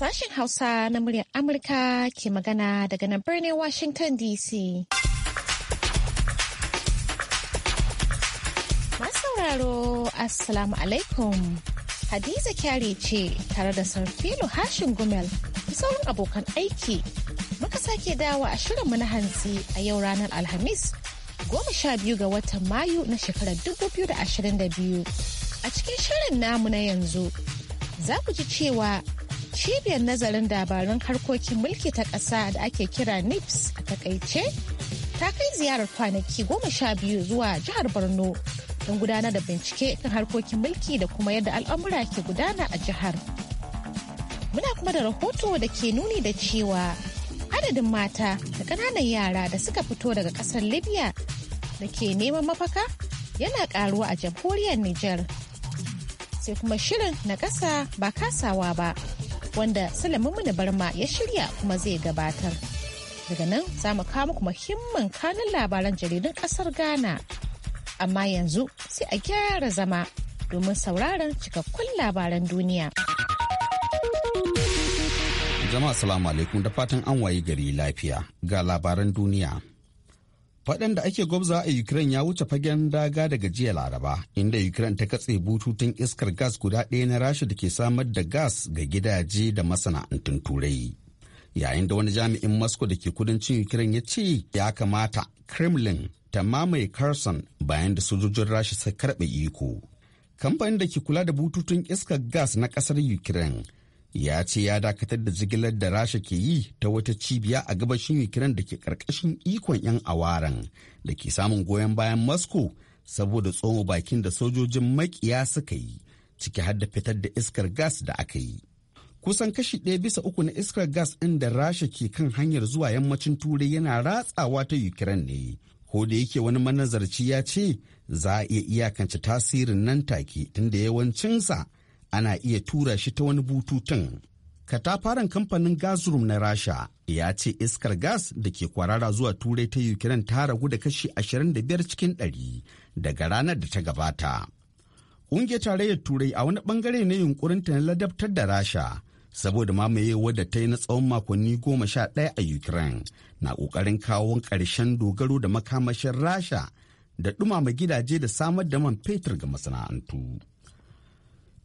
Sashen Hausa na muryar Amurka ke magana daga nan birnin Washington DC. sauraro Assalamu alaikum. Hadiza kyari ce tare da Sarfilo Hashin Gumel da sauran abokan aiki. Muka sake dawa a shirinmu na hantsi a yau ranar Alhamis goma sha biyu ga watan Mayu na shekarar dubu biyu da ashirin da biyu. A cikin shirin namu na yanzu za ku ji cewa cibiyar nazarin dabarun harkokin mulki ta ƙasa da ake kira nips a takaice ta kai ziyarar kwanaki goma sha biyu zuwa jihar borno don gudanar da bincike kan harkokin mulki da kuma yadda al'amura ke gudana a jihar muna kuma da rahoto da ke nuni da cewa adadin mata da ƙananan yara da suka fito daga ƙasar libya da ke neman mafaka yana ƙaruwa a jamhuriyar nijar sai kuma shirin na ƙasa ba kasawa ba wanda mu na Barma ya shirya kuma zai gabatar. Daga nan za mu kawo muku muhimmin kanun labaran jaridun kasar Ghana. Amma yanzu sai a gyara zama domin sauraron cikakkun labaran duniya. Jama'a salamu alaikum da fatan an waye gari lafiya ga labaran duniya. Faɗan da ake gwabza a Ukraine ya wuce fagen daga daga jiya Laraba, inda Ukraine ta katse bututun iskar gas guda ɗaya na Rasha da ke samar da gas ga gidaje da masana'antun Turai. Yayin da wani jami'in Moscow da ke kudancin Ukraine ya ce ya kamata Kremlin ta mamaye Kherson bayan da sojojin Rasha suka karɓe iko. Kamfanin da ke kula da bututun iskar gas na ƙasar Ukraine ya ce ya dakatar da jigilar da rasha ke yi ta wata cibiya a gabashin ukraine da ke karkashin ikon 'yan awaran da ke samun goyon bayan moscow saboda tsoma bakin da sojojin makiya suka yi ciki har da fitar da iskar gas da aka yi kusan kashi ɗaya bisa uku na iskar gas ɗin da rasha ke kan hanyar zuwa yammacin turai yana ratsawa ta ukraine ne ko da yake wani manazarci ya ce za a iya iyakance tasirin nan take tunda yawancinsa ana iya tura shi ta wani bututun. Katafaren kamfanin Gazprom na Rasha ya ce iskar gas da ke kwarara zuwa turai ta Ukraine ta ragu da kashi 25 cikin 100 daga ranar da ta gabata. Ƙungiyar tarayyar Turai a wani bangare na yunkurinta na ladabtar da Rasha saboda mamayewa da ta yi na tsawon makonni goma sha ɗaya a Ukraine na ƙoƙarin kawo ƙarshen dogaro da makamashin Rasha da ɗumama gidaje da samar da man fetur ga masana'antu.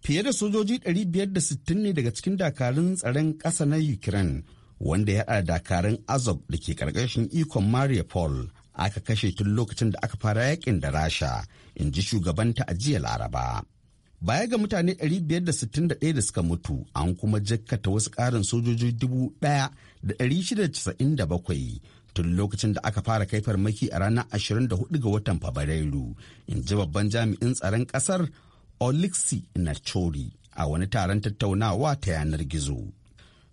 fiye da sojoji 560 ne daga cikin dakarun tsaron ƙasa na ukraine wanda ya haɗa dakarun azov da ke ƙarƙashin ikon mariupol aka kashe tun lokacin da aka fara yakin da rasha in ji shugaban ta jiya laraba baya ga mutane 561 da suka mutu an kuma jakkata wasu ƙarin sojoji 1,697 tun lokacin da aka fara kai farmaki a ranar 24 ga watan fabrairu in ji babban jami'in tsaron ƙasar Olixi Nachori a wani taron tattaunawa ta yanar gizo.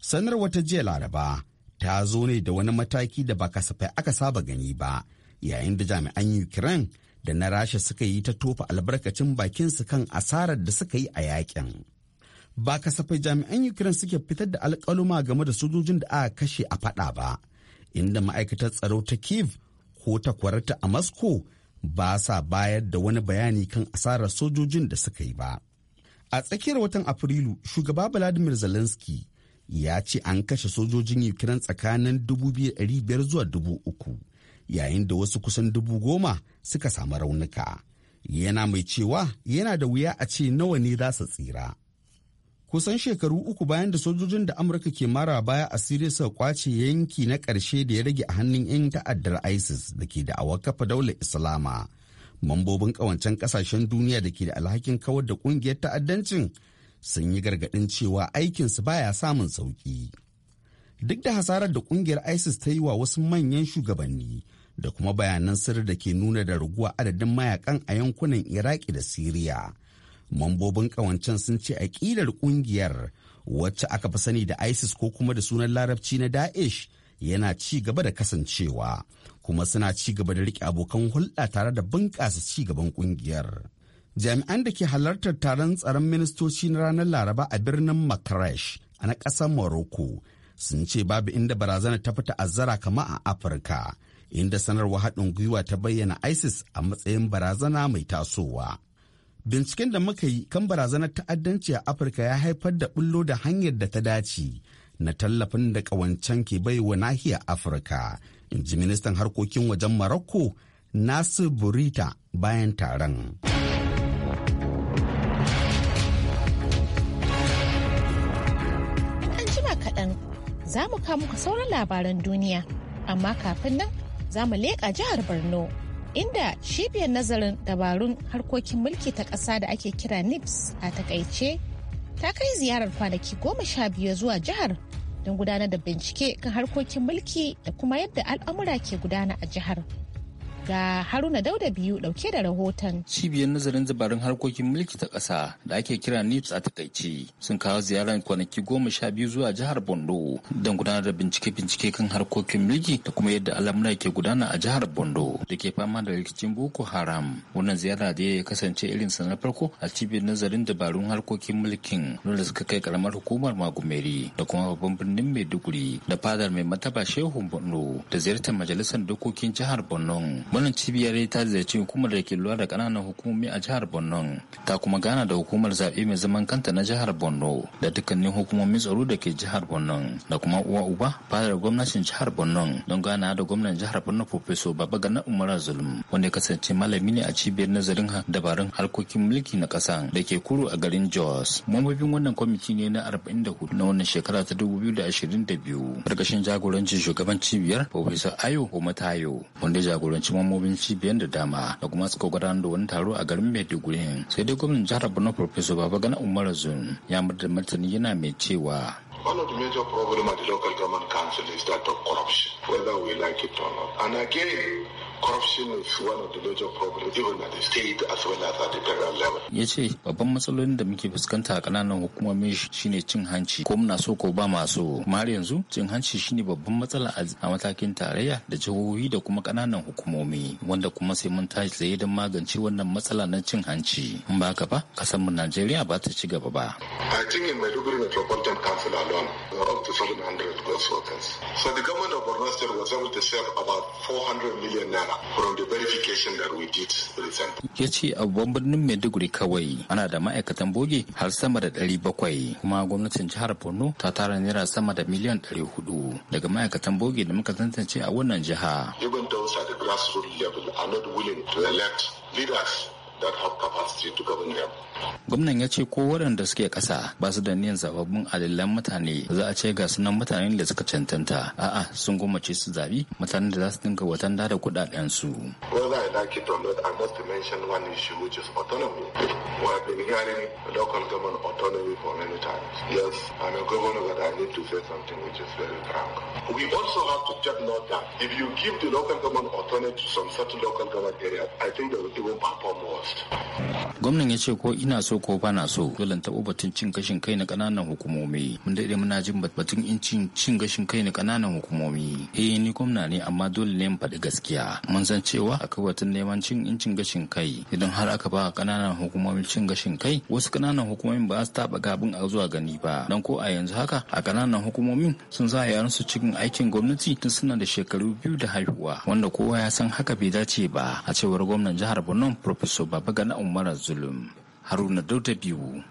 Sanar wata jiya Laraba ta zo ne da wani mataki da ba kasafai aka saba gani ba, yayin da jami'an Ukraine da na Rasha suka yi ta tofa albarkacin bakinsu kan asarar da suka yi a yakin. Ba kasafai jami'an Ukraine suke fitar da alkaluma game da sojojin da aka kashe a faɗa ba, inda ma'aikatar tsaro ta Kiev ko ta a Moscow ba sa bayar da wani bayani kan asarar sojojin da suka yi ba. A tsakiyar watan Afrilu, shugaba Vladimir Zelensky ya ce an kashe sojojin Ukraine tsakanin 2,500 zuwa 3,000, yayin da wasu kusan dubu goma suka samu raunuka. Yana mai cewa yana da wuya a ce nawa ne za su tsira. kusan shekaru uku bayan da sojojin da amurka ke mara baya a siriya suka kwace yanki na ƙarshe da ya rage a hannun 'yan ta'addar isis da ke da kafa daular islama mambobin ƙawancen ƙasashen duniya da ke da alhakin kawar da ƙungiyar ta'addancin sun yi gargaɗin cewa aikinsu baya samun sauƙi duk da hasarar da ƙungiyar isis ta yi wa wasu manyan shugabanni da kuma bayanan sirri da ke nuna da raguwa adadin mayakan a yankunan iraki da siriya mambobin kawancen sun ce aƙidar ƙungiyar wacce aka fi sani da isis ko kuma da sunan larabci na daesh yana ci gaba da kasancewa kuma suna ci gaba da riƙe abokan hulɗa tare da bunƙasa ci gaban ƙungiyar jami'an da ke halartar taron tsaron ministoci na ranar laraba a birnin makarash a na ƙasar morocco sun ce babu inda barazana ta fita azzara kama a afirka inda sanarwa haɗin gwiwa ta bayyana isis a matsayin barazana mai tasowa Binciken da muka yi kan barazanar ta'addanci a Afirka ya haifar da bullo da hanyar da ta dace na tallafin da ƙawancen ke baiwa nahiyar Afirka, in ji ministan harkokin wajen marokko Nasir Burita bayan taron. An jima kaɗan za mu kamuka sauran labaran duniya, amma kafin nan za mu leƙa jihar Borno. inda cibiyar nazarin dabarun harkokin mulki ta ƙasa da ake kira nips a takaice ta kai ziyarar kwanaki goma sha biyu zuwa jihar don gudanar da bincike kan harkokin mulki da kuma yadda al'amura ke gudana a jihar. ga haruna dauda biyu dauke da rahoton cibiyar nazarin dabarun harkokin mulki ta ƙasa da ake kira nips a takaice sun kawo ziyarar kwanaki goma sha biyu zuwa jihar bondo don gudanar da bincike-bincike kan harkokin mulki da kuma yadda al'amura ke gudana a jihar bondo da ke fama da rikicin boko haram wannan ziyara da ya kasance irin sa na farko a cibiyar nazarin dabarun harkokin mulkin wanda suka kai karamar hukumar magumeri da kuma babban birnin maiduguri da fadar mai mataba shehu bondo da ziyartar majalisar dokokin jihar bondo. Wannan cibiyar ta ziyarci hukumar da ke lura da kananan hukumomi a jihar Borno ta kuma gana da hukumar zaɓe mai zaman kanta na jihar Borno da dukkanin hukumomin tsaro da ke jihar Borno da kuma uwa uba fadar gwamnatin jihar Borno don gana da gwamnan jihar Borno baba gana Umar Zulum wanda ya kasance malami ne a cibiyar nazarin dabarun harkokin mulki na ƙasa da ke kuru a garin Jos. Mambobin wannan kwamiti ne na 44 na wannan shekara ta biyu. karkashin jagorancin shugaban cibiyar profeso Ayo Omatayo wanda jagorancin hukumomin cibiyar da dama da kuma suka gudanar da wani taro a garin maiduguri sai dai gwamnan jihar borno professor babagana umar zun ya murda martani yana mai cewa One of the major problems at the local government council is that of corruption, whether we like it or not. And again, corruption is one of the major problems even at the state as well as at the federal level. Ya ce babban matsalolin da muke fuskanta a ƙananan hukumomi shine cin hanci ko muna so ko ba masu. Mar yanzu cin hanci shine babban matsala a matakin tarayya da jihohi da kuma ƙananan hukumomi wanda kuma sai mun tashi tsaye don magance wannan matsala na cin hanci. In ba haka ba mu Najeriya ba ta ci gaba ba. I think in Maiduguri Metropolitan Council alone up to 700 workers. So the government of Borno State was able to save about 400 million naira Ghana from the verification that we did recently. Ya ce a babban birnin Maiduguri kawai ana da ma'aikatan boge har sama da ɗari bakwai kuma gwamnatin jihar Borno ta tara naira sama da miliyan ɗari hudu daga ma'aikatan boge da muka tantance a wannan jiha. Even those at the grassroots level are not willing to elect leaders Gwamnan ya ce ko waɗanda suke ƙasa ba su da niyan zababbun alilan mutane za a ce ga sunan mutanen da suka cancanta a'a sun gwammace su zabi mutanen da za su dinga watan da kuɗaɗen su. Whether I like it or not, I Yes, also have to note if you give the local government autonomy to some local government areas, I think they will gwamnan ya ce ko ina so ko ba na so dole taɓo batun cin gashin kai na ƙananan hukumomi mun daidai muna jin batun in cin gashin kai na ƙananan hukumomi eh ni gwamna ne amma dole ne mu faɗi gaskiya mun san cewa akwai batun neman cin in cin gashin kai idan har aka ba ƙananan hukumomin cin gashin kai wasu ƙananan hukumomin ba su taɓa gabin a zuwa gani ba dan ko a yanzu haka a ƙananan hukumomin sun za yaran su cikin aikin gwamnati tun suna da shekaru biyu da haihuwa wanda kowa ya san haka bai dace ba a cewar gwamnan jihar Borno Professor baba gana zulum haruna dauda biyu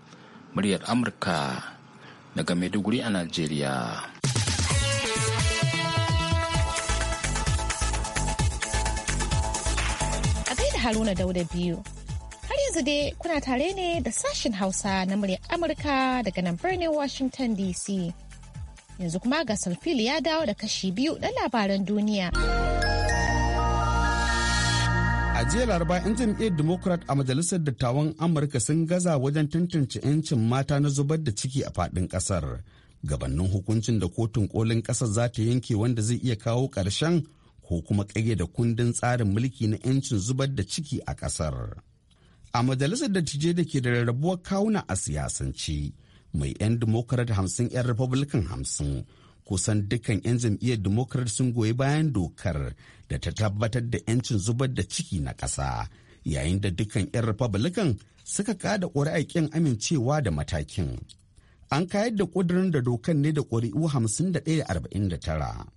muryar amurka daga maiduguri a najeriya Haruna Dauda biyu. Har yanzu dai kuna tare ne da sashen Hausa na muryar Amurka daga nan birnin Washington DC. Yanzu kuma ga Salfili ya dawo da kashi biyu na labaran duniya. jiya laraba 'yan jam'iyyar democrat a majalisar dattawan amurka sun gaza wajen tantance 'yancin mata na zubar da ciki a faɗin ƙasar Gabannin hukuncin da kotun kolin kasar za ta yanke wanda zai iya kawo ƙarshen ko kuma da kundin tsarin mulki na 'yancin zubar da ciki a ƙasar a majalisar dattijai da ke da rarrabuwar kawuna a siyasance mai 'yan democrat hamsin 'yan republican hamsin kusan dukkan 'yan jam'iyyar democrat sun goyi bayan dokar da ta tabbatar da 'yancin zubar da ciki na ƙasa yayin da dukkan 'yan republican suka kada ƙuri'a ƙin amincewa da matakin an kayar da ƙudurin da dokan ne da ƙuri'u da 51.49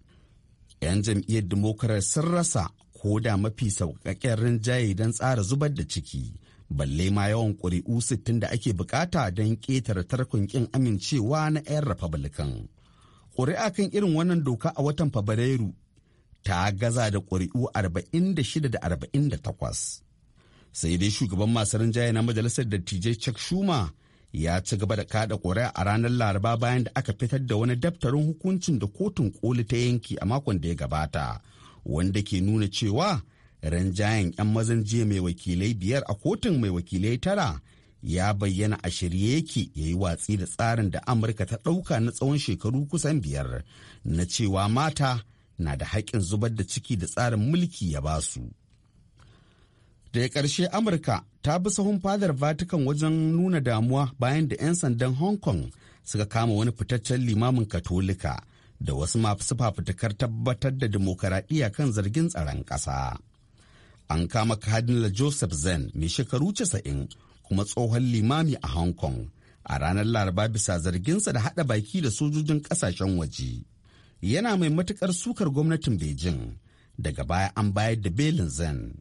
'yan jam'iyyar democrat sun rasa ko da mafi sauƙaƙƙen rinjaye don tsara zubar da ciki balle ma yawan ƙuri'u sittin da ake bukata don ƙetare tarkon ƙin amincewa na 'yan republican ƙuri'a kan irin wannan doka a watan Fabrairu ta gaza da ƙuri'u 46 da 48. Sai dai shugaban masu rinjaye na majalisar dattijai Chuck Schumer ya ci gaba da kada ƙuri'a a ranar Laraba bayan da aka fitar da wani daftarin hukuncin da kotun koli ta yanki a makon da ya gabata, wanda ke nuna cewa ranjayen 'yan mazan jiya mai wakilai biyar a kotun mai wakilai tara ya bayyana a shirye yake ya yi watsi da tsarin da amurka ta ɗauka na tsawon shekaru kusan biyar na cewa mata na da haƙƙin zubar da ciki da tsarin mulki ya basu daga ƙarshe amurka ta bi sahun fadar vatican wajen nuna damuwa bayan da 'yan sandan hong kong suka kama wani fitaccen limamin katolika da wasu masu tabbatar da dimokuraɗiyya kan zargin tsaron ƙasa an kama kadinla joseph zen mai shekaru casa'in kuma tsohon limami a Hong Kong a ranar Laraba bisa zarginsa da haɗa baki da sojojin ƙasashen waje. Yana mai matuƙar sukar gwamnatin Beijing daga baya an bayar da belin zen.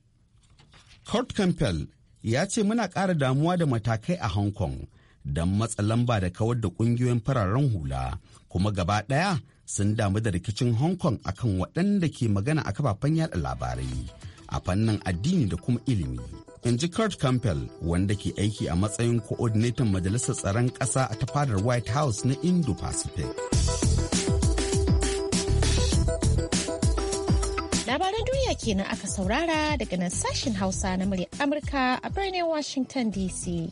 Kurt Campbell ya ce muna ƙara damuwa da matakai a Hong Kong don matsa lamba da kawar da ƙungiyoyin fararen hula kuma gaba ɗaya sun damu da rikicin Hong Kong akan waɗanda ke magana a kafafen yada labarai. a fannin addini da kuma ilimi. In ji Kurt Campbell wanda ke aiki a matsayin coordinator majalisar tsaron ƙasa a ta fadar White House na Indo-Pacific. Labaran duniya kenan aka saurara daga nan sashen Hausa na murya Amurka a birnin Washington DC.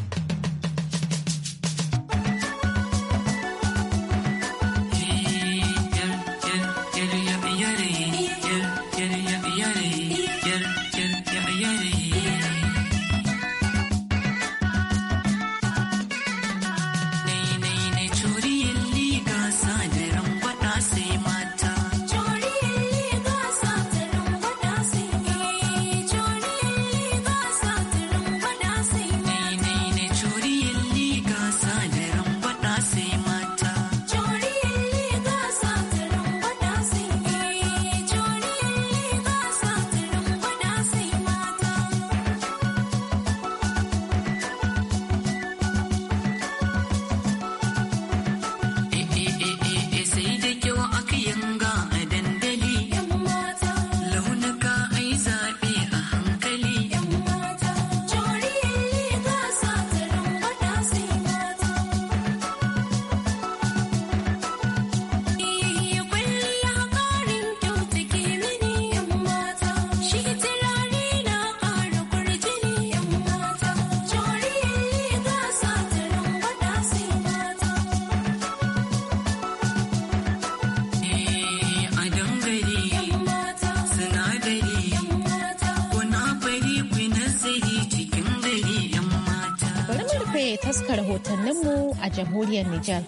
duka rahotanninmu a jamhuriyar Nijar,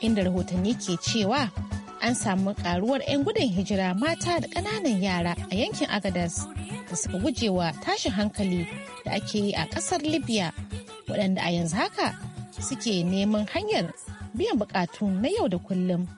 inda rahotanni ke cewa an samu karuwar 'yan gudun hijira mata da ƙananan yara a yankin Agadas da suka wa tashin hankali da ake yi a ƙasar Libya, waɗanda a yanzu haka suke neman hanyar biyan buƙatu na yau da kullum.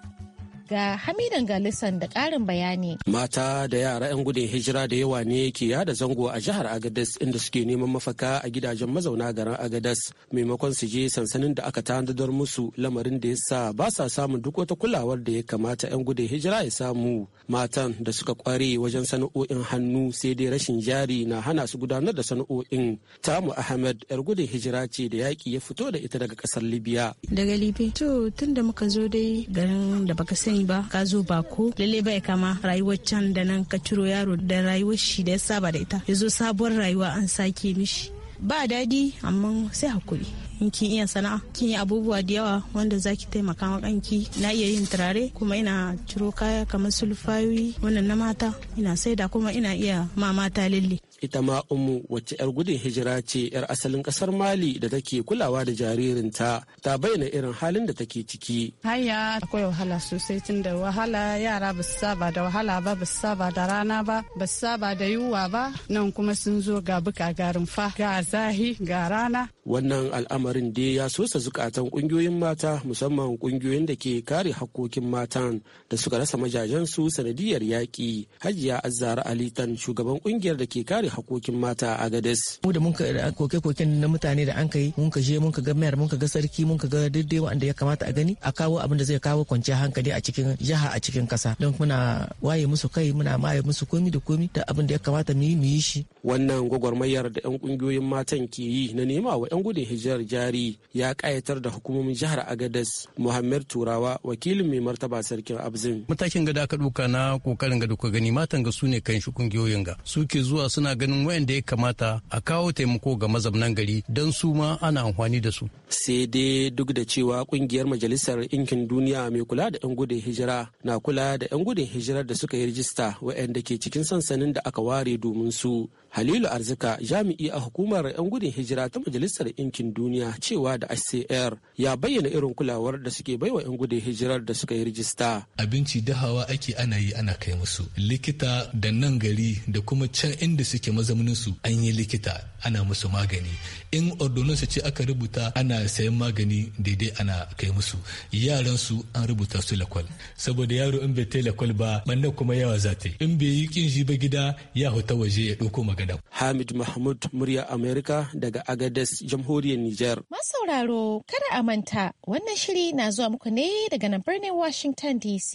ga hamidan galisan da ƙarin bayani mata da yara 'yan gudun hijira da yawa ne ke yada zango a jihar agadas inda suke neman mafaka a gidajen mazauna garin agadas maimakon su je sansanin da aka tanadar musu lamarin da ya sa ba sa samun duk wata kulawar da ya kamata 'yan gudun hijira ya samu matan da suka kware wajen sana'o'in hannu sai dai rashin jari na hana su gudanar da sana'o'in tamu ahmed yar gudun hijira ce da yaƙi ya fito da ita daga ƙasar libiya. daga libya to tun da muka zo dai garin da baka sani sani ba ka zo ba ko lalle bai kama rayuwar can da nan ka ciro yaro da rayuwar shi da ya saba da ita ya zo sabuwar rayuwa an sake mishi ba dadi amma sai hakuri in kin iya sana'a kin yi abubuwa da yawa wanda zaki taimaka wa kanki na iya yin turare kuma ina ciro kaya kamar sulfayoyi wannan na mata ina saida kuma ina iya ma mata lalle ita ma umu wacce 'yar gudun hijira ce 'yar asalin kasar mali da take kulawa da jaririnta ta bayyana irin halin da take ciki hanya akwai wahala sosai tun da wahala yara ba saba da wahala ba ba saba da rana ba ba saba da yiwuwa ba nan kuma sun zo ga buka garin fa ga zahi ga rana wannan al'amarin dai ya sosa zukatan kungiyoyin mata musamman kungiyoyin da ke kare hakkokin matan da suka rasa majajensu sanadiyar yaƙi hajiya azzara alitan shugaban kungiyar da ke kare kare hakokin mata a gades. Mu da mun ka koke-koken na mutane da an kai mun ka je mun ka ga mayar mun ka ga sarki mun ka ga daidai wanda ya kamata a gani a kawo abin da zai kawo kwanciyar hankali a cikin jiha a cikin kasa don muna waye musu kai muna maye musu komi da komi da abin da ya kamata mu yi mu yi shi. Wannan gwagwarmayar da 'yan kungiyoyin matan ke yi na nema wa 'yan gudun hijirar jari ya kayatar da hukumomin jihar Agadez Muhammad Turawa wakilin mai martaba sarkin Abzin. Matakin gada aka ɗauka na kokarin ga duka gani matan ga su ne kan shi kungiyoyin ga suke zuwa suna ganin wayanda ya kamata a kawo taimako ga mazaunan gari don su ma ana amfani da su. Sai dai duk da cewa kungiyar Majalisar inkin Duniya mai kula da 'yan gudun hijira na kula da 'yan gudun hijirar da suka yi rijista wayanda ke cikin sansanin da aka ware domin su. Halilu Arzika jami'i a hukumar 'yan gudun hijira ta Majalisar inkin Duniya cewa da HCR ya bayyana irin kulawar da suke baiwa 'yan gudun hijirar da suka yi rijista. Abinci hawa ake ana yi ana kai musu. Likita da nan gari da kuma can inda suke ke mazauninsu an yi likita ana musu magani in ordonansu ce aka rubuta ana sayan magani daidai ana kai musu yaransu an rubuta su lakwal saboda yaro in bai ta lakwal ba manna kuma yawa za ta in bai yi kin ba gida ya huta waje ya ɗauko magana. hamid mahmud murya america daga agades jamhuriyar niger. masauraro kada a manta wannan shiri na zuwa muku ne daga nan birnin washington dc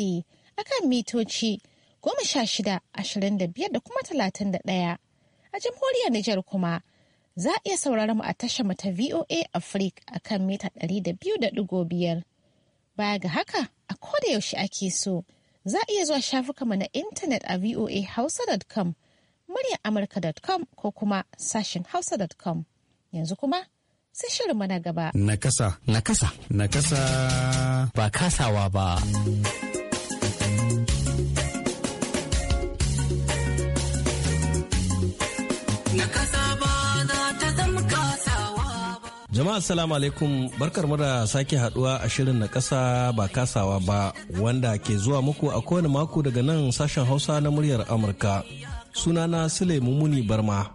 akan mitoci goma sha shida ashirin da biyar da kuma talatin da ɗaya A jamhuriyar Nijar kuma za a iya sauraron mu a tashar mu ta VOA Africa a kan mita 200.5. Baya ga haka a koda yaushe ake so za a iya zuwa shafukan mu na intanet a voahausa.com muryar amurka.com ko kuma sashen hausa.com yanzu kuma sai gaba. na gaba. kasa. na kasa. Ba kasawa ba. Jama'a salamu alaikum barkar mu da sake haduwa a shirin na kasa ba kasawa ba wanda ke zuwa muku a kowane mako daga nan sashen Hausa na muryar Amurka. Sunana Sule Mumuni Barma.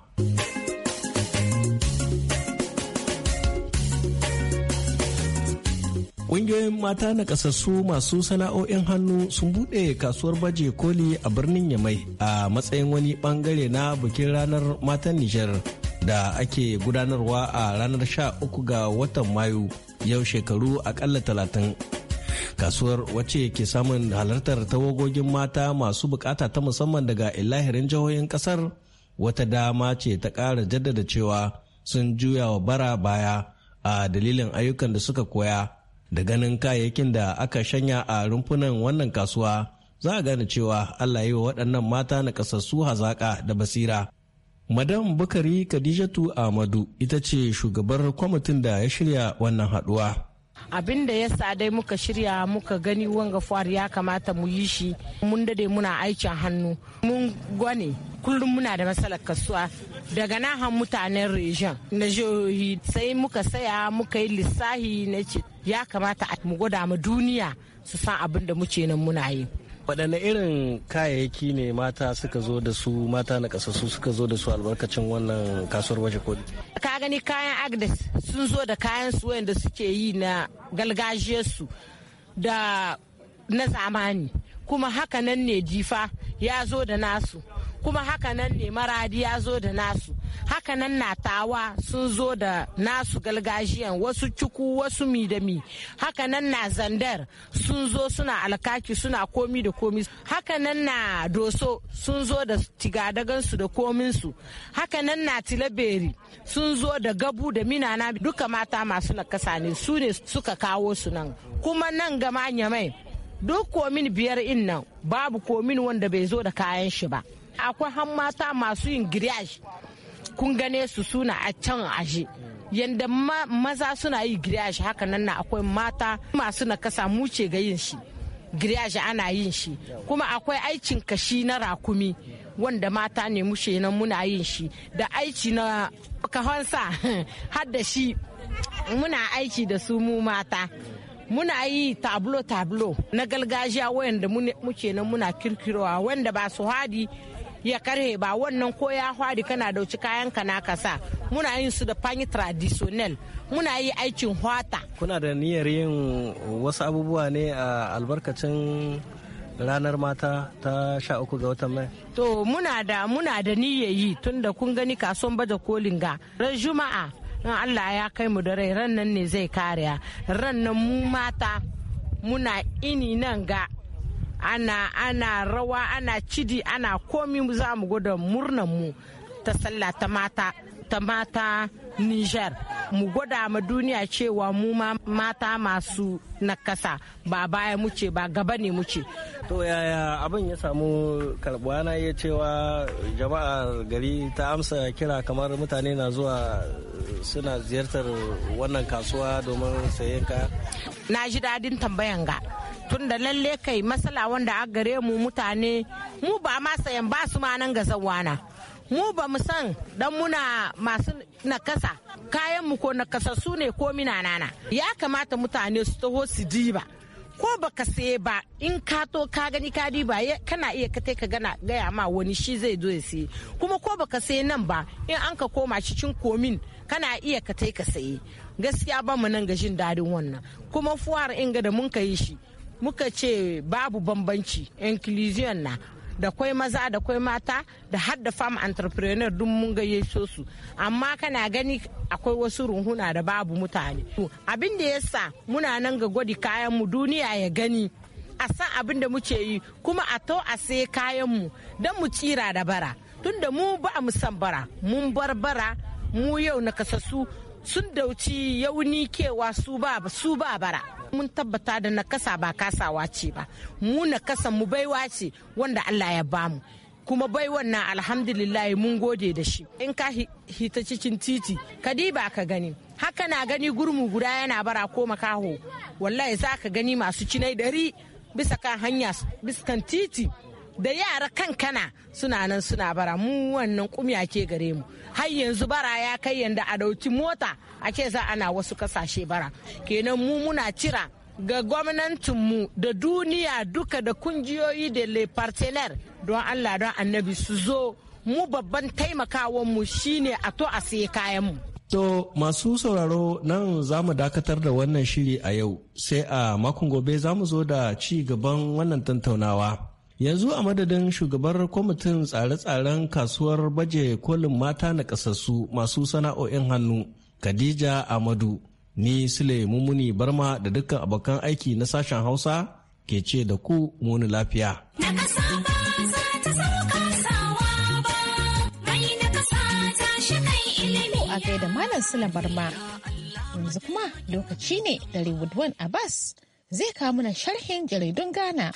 Ƙungiyoyin mata na ƙasassu masu sana'o'in hannu sun buɗe kasuwar baje koli a birnin Yamai a matsayin wani ɓangare na bikin ranar matan Nijar. da ake gudanarwa a ranar 13 ga watan mayu yau shekaru akalla talatin. kasuwar wacce ke samun halartar tawagogin mata masu bukata ta musamman daga ilahirin jihohin kasar wata dama ce ta ƙara jaddada cewa sun juya wa bara baya a dalilin ayyukan da suka koya da ganin kayayyakin da aka shanya a rumfunan wannan kasuwa za a gane cewa allah yi wa waɗannan mata na ƙasassu hazaƙa da basira Madam Bukari Khadijatu amadu ita ce shugabar kwamitin da ya shirya wannan haduwa. Abin da ya sa dai muka shirya muka gani wanga fuwar ya kamata mu yi shi mun dade muna aikin hannu mun gwane kullum muna da matsalar kasuwa daga nahan mutanen region na jihohi sai muka saya muka yi lissahi na ce ya kamata mu gwada ma duniya su san abin da muke nan muna yi. waɗanne irin kayayyaki ne mata suka zo da su mata na suka zo da su albarkacin wannan kasuwar baje koli ka gani kayan agnes sun zo da kayan su wanda suke yi na galgajiyarsu da na zamani kuma haka nan ne jifa ya zo da nasu kuma hakanan nan ne maradi ya zo da nasu hakanan nan na tawa sun zo da nasu galgajiyan wasu cuku wasu mi da mi na zandar sun zo suna alkaki suna komi da komi haka nan na doso sun zo da tigadagansu da kominsu haka nan na tilaberi sun zo da gabu da minana duka mata masu nakasa ne su ne suka kawo su nan kuma nan gama nyamai duk komin biyar in nan babu komin wanda bai zo da kayan shi ba akwai han mata masu yin giriyashi kun gane su suna a can aje yadda maza suna yi giriyashi haka nan na akwai mata masu nakasa mu ce ga yin shi giriyashi ana yin shi kuma akwai aikin kashi na rakumi wanda mata ne mushe nan muna yin shi da aiki na kahonsa har da shi muna aiki da su mu mata muna yi tablo tablo na gargajiya wayanda muke nan muna kirkirowa wanda ba su hadi ya karhe ba wannan ko ya hwari kana dauci kayan ka na kasa muna yin su da fanyi traditional muna yi aikin hwata kuna da niyyar yin wasu abubuwa ne a albarkacin ranar mata ta sha uku ga watan mai to muna da muna da yi tunda kun gani kasuwan baje kolin ga ran juma'a in allah ya kai mu da rai ran nan ne zai kariya ran nan mu mata muna ini nan ga ana ana rawa ana cidi ana komi za mu gwada murnan mu ta sallah ta mata ta mata Nijar mu gwada ma duniya cewa mu ma mata masu nakasa ba baya muce ba gaba ne muce. To yaya abin ya samu karbuwa na iya cewa jama'ar gari ta amsa kira kamar mutane na zuwa suna ziyartar wannan kasuwa domin sayen kaya? Na ji dadin tambayan ga. tun da lalle kai matsala wanda a gare mu mutane mu ba ma sayan ba su ma nan ga zawana mu ba mu san dan muna masu nakasa kayan mu ko su ne ko mina nana ya kamata mutane su taho su diba ko baka saye ba in ka to ka gani ka diba kana iya ka ka gana gaya ma wani shi zai zo ya saye kuma ko baka saye nan ba in an ka koma cikin komin kana iya ka ka saye gaskiya ba mu nan ga jin dadin wannan kuma fuwar in da mun ka yi shi muka ce babu bambanci inclusion na da kwai maza da kwai mata da har da farm entrepreneur duk mun gayyato su amma kana gani akwai wasu runhuna da babu mutane abin da yasa muna nan ga gwadi kayan mu duniya ya gani a san abin da muke yi kuma a to a sai kayan mu don mu tsira da bara tunda mu ba mu san bara mun bar bara mu yau na kasassu sun dauci yauni kewa su ba su ba bara mun tabbata da nakasa ba kasawa ce ba mu na kasa mu baiwa ce wanda Allah ya bamu kuma bai wannan alhamdulillah mun gode da shi in ka hita cikin titi ka diba ka gani haka na gani gurmu guda yana bara ko makaho wallahi za ka gani masu cinai dari bisa kan hanya bisa kan titi da yara kankana suna nan suna bara mu wannan kumya ke gare mu har yanzu bara ya kai yanda a dauki mota ake za ana wasu kasashe bara kenan mu muna cira ga mu da duniya duka da kungiyoyi da le don allah don annabi su zo mu babban mu shine a to a kayan mu To masu sauraro nan za mu dakatar da wannan shiri a yau sai a makon gobe za mu zo da ci gaban wannan tattaunawa. yanzu a madadin shugabar kwamitin tsare-tsaren kasuwar baje kolin mata na kasassu masu sana'o'in hannu khadija amadu ni sule mummuni barma da dukkan abokan aiki na sashen hausa ke ce da ku muni lafiya da malam sule barma yanzu kuma lokaci ne da a Abbas zai kawo mana sharhin jaridun Ghana.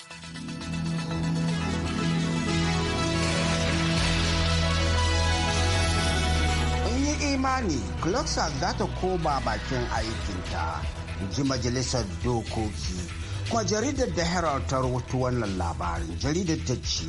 imani Glucksack za ta koma bakin aikinta, ji majalisar dokoki. Kuma jaridar da Herald ta rubuta wannan labarin jaridar ta ce,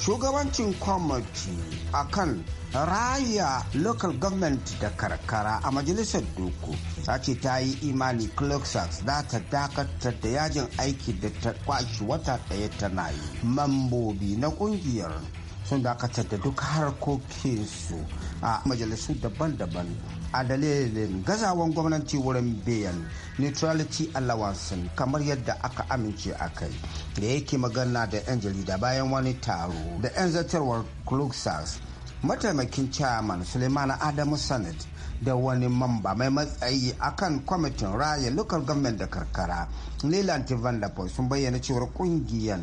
shugabancin kwamiti a kan raya local government da karkara a majalisar doko ta ce ta yi imani cloxax za ta dakatar da yajin aiki da ta kwashi wata ɗaya tana yi mambobi na ƙungiyar. sun dakatar da duk harkokinsu a majalisu daban-daban a dalilin gazawan gwamnati wurin biyan neutrality allowance kamar yadda aka amince a kai da yake magana da 'yan jarida bayan wani taro da 'yan zartarwar klosas mataimakin chairman suleiman adamu senate da wani mamba mai matsayi akan kwamitin raya local government da karkara leland van sun bayyana cewar kungiyar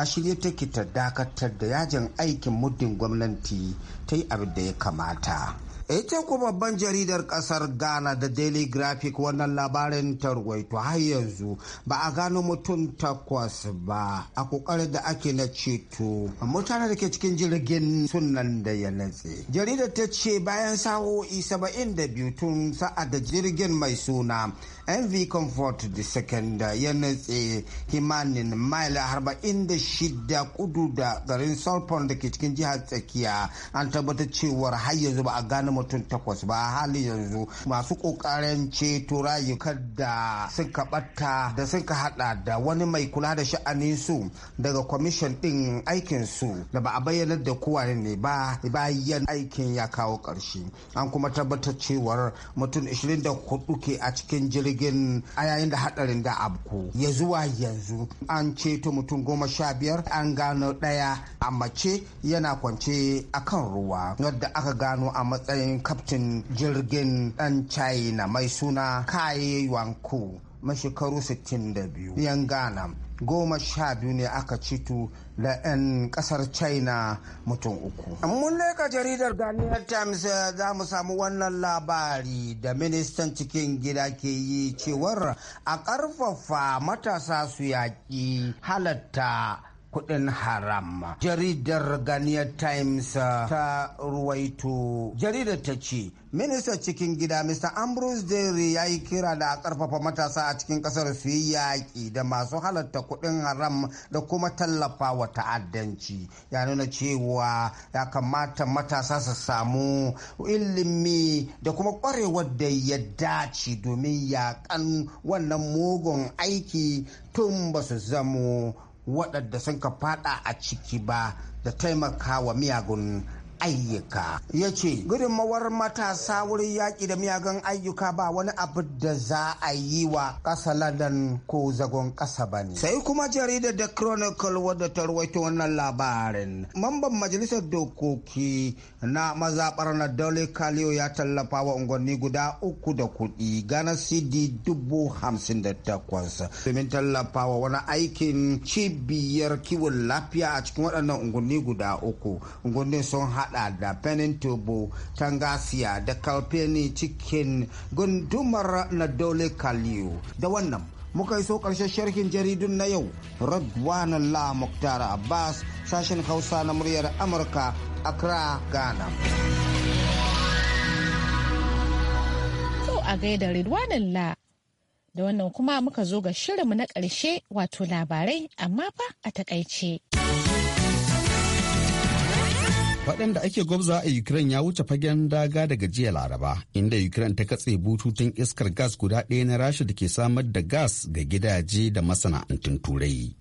a shirye take ta dakatar da yajin aikin muddin gwamnati ta yi abin da ya kamata ita kuma babban jaridar kasar ghana da daily graphic wannan labarin tarwaito har yanzu ba a gano mutum takwas ba a kokarin da ake na ceto mutane da ke cikin jirgin sunan da ya natse jaridar ta ce bayan sa'o'i 72 tun sa'a da jirgin mai suna mv comfort the second ya natse kimanin maila 46 kudu da garin salpon da ke cikin jihar tsakiya an tabbatar cewar har yanzu ba a gano mutum takwas ba a hali yanzu masu kokarin ceto rayukan da suka bata. da suka hada da wani mai kula da sha'anin su daga kwamishin din aikin su da ba a bayyana da kowa ne ba bayan aikin ya kawo karshe an kuma tabbatar cewar mutum 24 ke a cikin jirgin a yayin da hadarin da abku ya zuwa yanzu an ceto mutum goma sha biyar an gano ɗaya. a mace yana kwance akan ruwa wadda aka gano a matsayin hannun kaftin jirgin ɗan china mai suna kai wanku mai shekaru 62 yan ghana goma sha biyu ne aka cito da 'yan kasar china mutum uku. mun leka jaridar daniel times eh, za mu samu wannan labari da ministan cikin gida ke yi cewar a ƙarfafa matasa su yaƙi halatta kuɗin haram. Jaridar Ghanaian Times uh, ta ruwaito. Jaridar ta ce, Ministan cikin gida Mr. Ambrose Dere ya yi kira da a ƙarfafa matasa a cikin ƙasar su yi yaƙi da masu halatta kuɗin haram da kuma tallafa wa ta'addanci. Ya nuna cewa ya kamata matasa su samu ilimi da kuma ƙwarewar da ya dace domin yaƙan wannan mugun aiki tun ba su zamo waɗanda sun ka fada a ciki ba da taimaka wa miyagun ayyuka ya ce gudunmawar matasa wurin yaƙi da miyagan ayyuka ba wani abu da za a yi wa ƙasa ladan ko zagon ƙasa ba ne sai kuma jaridar da chronicle wadda ta rawaito wannan labarin mamban majalisar dokoki na mazaɓar na dole kaliyo ya tallafa wa unguwanni guda uku da kuɗi gana cd dubu hamsin da takwas domin tallafa wa wani aikin cibiyar kiwon lafiya a cikin waɗannan unguwanni guda uku unguwannin sun haɗa hada da benin tobo tangasia da kalpeni cikin gundumar na dole kaliyo da wannan muka iso karshen sharhin jaridun na yau radwan la muktar abbas sashen hausa na muryar amurka accra ghana a gaida ridwanin La. Da wannan kuma muka zo ga shirinmu na ƙarshe wato labarai amma fa a takaice. Faɗan da ake gwabza a Ukraine ya wuce fagen daga daga jiya Laraba, inda Ukraine ta katse bututun iskar gas guda ɗaya na Rasha da ke samar da gas ga gidaje da masana'antun Turai.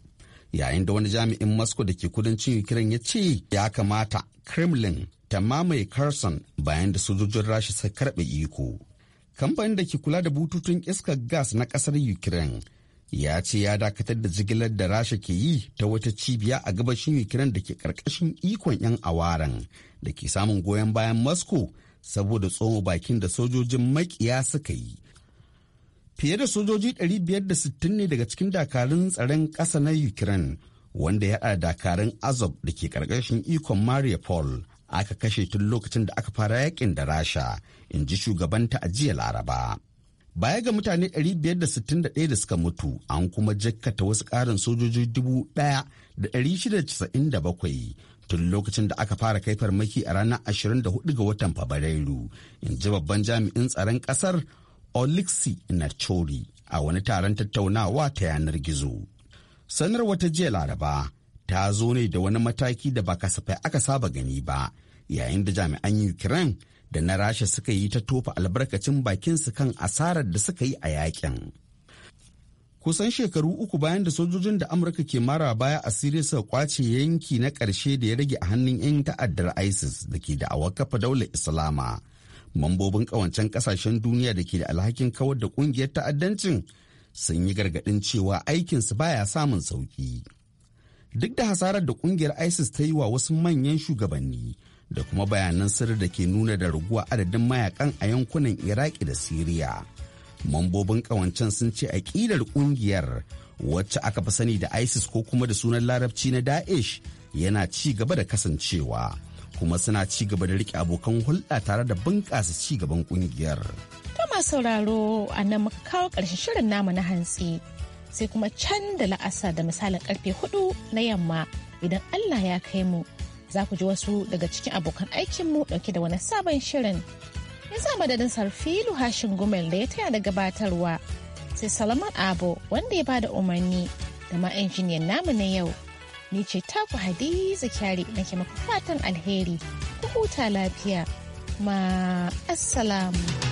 Yayin da wani jami'in Moscow da ke kudancin Ukraine ya ce ya kamata Kremlin ta mamaye carson bayan da sojojin Rasha su karɓe iko. Kamfanin da ke kula da bututun iskar gas na ƙasar Ukraine ya ce ya dakatar da jigilar da rasha ke yi ta wata cibiya a gabashin ukraine da ke karkashin ikon 'yan awaran da ke samun goyon bayan moscow saboda tsoma bakin da sojojin makiya suka yi fiye da sojoji 560 ne daga cikin dakarun tsaron ƙasa na ukraine wanda ya haɗa dakarun azov da ke karkashin ikon paul aka kashe tun lokacin da aka fara yakin da rasha in ji shugabanta a jiya laraba Baya ga mutane 561 da suka mutu, an kuma jakkata wasu ƙarin sojoji 1,697 tun lokacin da aka fara kai farmaki a ranar 24 ga watan Fabrairu, in ji babban jami'in tsaron ƙasar Oliksi Nachori a wani taron tattaunawa ta yanar gizo. Sanar wata jiya Laraba ta zo ne da wani mataki da ba kasafai aka saba gani ba, yayin da jami'an Ukraine da na rasha suka yi ta tofa albarkacin bakinsu kan asarar da suka yi a yakin. kusan shekaru uku bayan da sojojin da amurka ke mara baya a siriya suka kwace yanki na ƙarshe da ya rage a hannun 'yan ta'addar isis da ke da kafa daular islama mambobin ƙawancen ƙasashen duniya da ke da alhakin kawar da ƙungiyar ta'addancin sun yi gargaɗin cewa aikinsu baya samun sauƙi duk da hasarar da ƙungiyar isis ta yi wa wasu manyan shugabanni da kuma bayanan sirri da ke nuna da raguwa adadin mayakan a yankunan iraki da siriya mambobin kawancen sun ce aƙidar ƙungiyar wacce aka fi sani da isis ko kuma da sunan larabci na daesh yana ci gaba da kasancewa kuma suna ci gaba da rike abokan hulɗa tare da bunƙasa ci gaban ƙungiyar. ma sauraro a nan muka kawo ƙarshen shirin namu na hantsi sai kuma can da la'asa da misalin karfe hudu na yamma idan Allah ya kai mu za ku ji wasu daga cikin abokan aikinmu dauke da wani sabon shirin. Yanzu madadin sarfilu hashin gumel da ya taya da gabatarwa sai salaman Abo wanda ya bada umarni da ma injiniyan namu na yau. Ni ce taku Hadiza Kyari na maku fatan alheri, ku huta lafiya, ma assalamu.